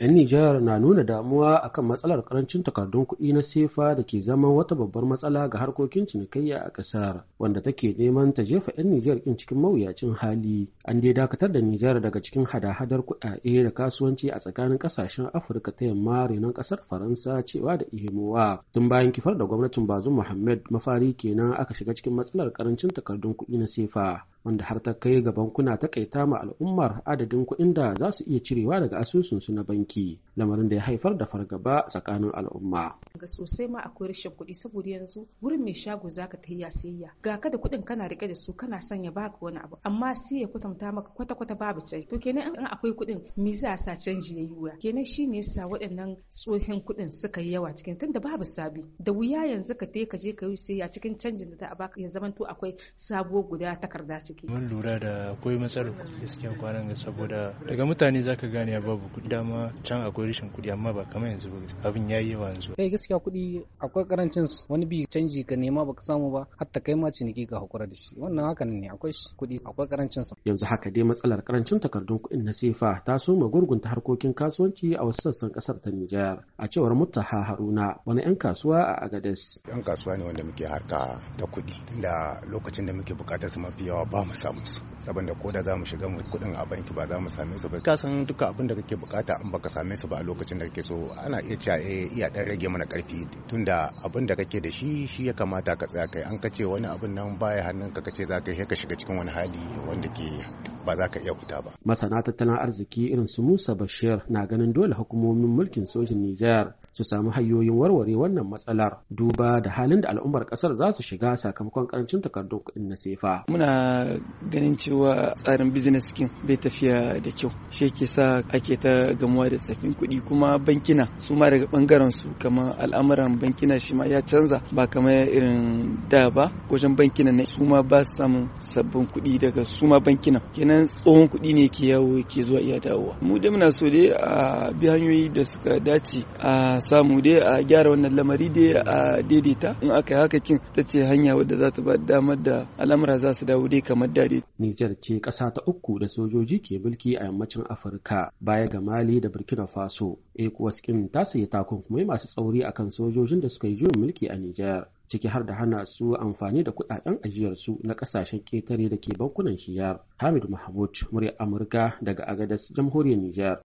'yan Nijar na nuna damuwa akan matsalar karancin takardun kuɗi na sefa da ke zama wata babbar matsala ga harkokin cinikayya a ƙasar wanda take neman ta jefa 'yan Nijar ɗin cikin mawuyacin hali. An dai dakatar da Nijar daga cikin hada-hadar kuɗaɗe da kasuwanci a tsakanin ƙasashen Afirka ta yamma renon ƙasar Faransa cewa da ihimowa Tun bayan kifar da gwamnatin Bazum Muhammad mafari kenan aka shiga cikin matsalar karancin takardun kuɗi na sefa wanda har ta kai ga bankuna ta kaita ma al'ummar adadin kuɗin da za su iya cirewa daga asusunsu na banki lamarin da ya haifar da fargaba tsakanin al'umma ga sosai ma akwai rashin kuɗi saboda yanzu wurin mai shago zaka ta ya sayayya ga ka da kuɗin kana rike da su kana son ya baka wani abu amma sai ya kwatanta maka kwata kwata babu canji to kenan in akwai kuɗin me za a sa canji yayi wuya kenan shine yasa waɗannan tsohin kuɗin suka yi yawa cikin tunda babu sabi da wuya yanzu ka te ka je ka yi sayayya cikin canjin da ta a baka ya zamanto akwai sabuwar guda takarda ciki mun lura da akwai matsalar kuɗi gaskiya kwanan ga saboda daga mutane zaka gane babu kuɗi dama can akwai rashin kuɗi amma ba kamar yanzu ba abin yayi yawa yanzu eh, gaskiya kuɗi akwai karancin su wani bi canji ka nema baka samu ba hatta kai ma ciniki ga hakura da shi wannan hakan ne akwai kuɗi akwai karancin su yanzu haka dai matsalar karancin takardun kuɗin na sefa ta ma gurgunta harkokin kasuwanci a wasu sassan kasar ta Nijar a cewar Mutaha Haruna wani yan kasuwa a Agades yan kasuwa ne wanda muke harka ta kuɗi tunda lokacin da muke bukatar su mafi yawa ba mu samu su saboda ko da za mu shiga mu kuɗin a banki ba za mu same su ba ka san duka abin da kake bukata an baka same su ba a lokacin da kake so ana iya cewa eh iya dan rage mana karfi tunda abin da kake da shi shi ya kamata ka tsaya kai an kace wani abin nan baya hannun ka kace zaka yi ka shiga cikin wani hali wanda ke ba za ka iya fita ba masana tattalin arziki irin su Musa Bashir na ganin dole hukumomin mulkin sojin Nijar su samu hanyoyin warware wannan matsalar duba da halin da al'ummar kasar za su shiga sakamakon karancin takardun kuɗin na sefa. Muna ganin cewa tsarin business kin bai tafiya da kyau shi ke sa ake ta gamuwa da tsafin kuɗi kuma bankina su ma daga bangaren su kamar al'amuran bankina shi ma ya canza ba kamar irin da ba wajen bankina ne su ma ba su samun sabbin kuɗi daga su ma bankina kenan tsohon kuɗi ne ke yawo ke zuwa iya dawowa mu da muna so dai a bi hanyoyi da suka dace a samu dai a gyara wannan lamari dai a daidaita in aka yi haka kin ta ce hanya wadda za ta ba damar da al'amura za su dawo dai kamar da Nijar ce ƙasa ta uku da sojoji ke mulki a yammacin Afirka baya ga Mali da Burkina Faso ecowas kin ta sayi takunkumai masu tsauri akan sojojin da suka yi juyin mulki a nijar ciki har da hana su amfani da kudaden ajiyarsu na kasashen ketare da ke bankunan shiyar hamid mahmud murya amurka daga agadas jamhuriyar nijar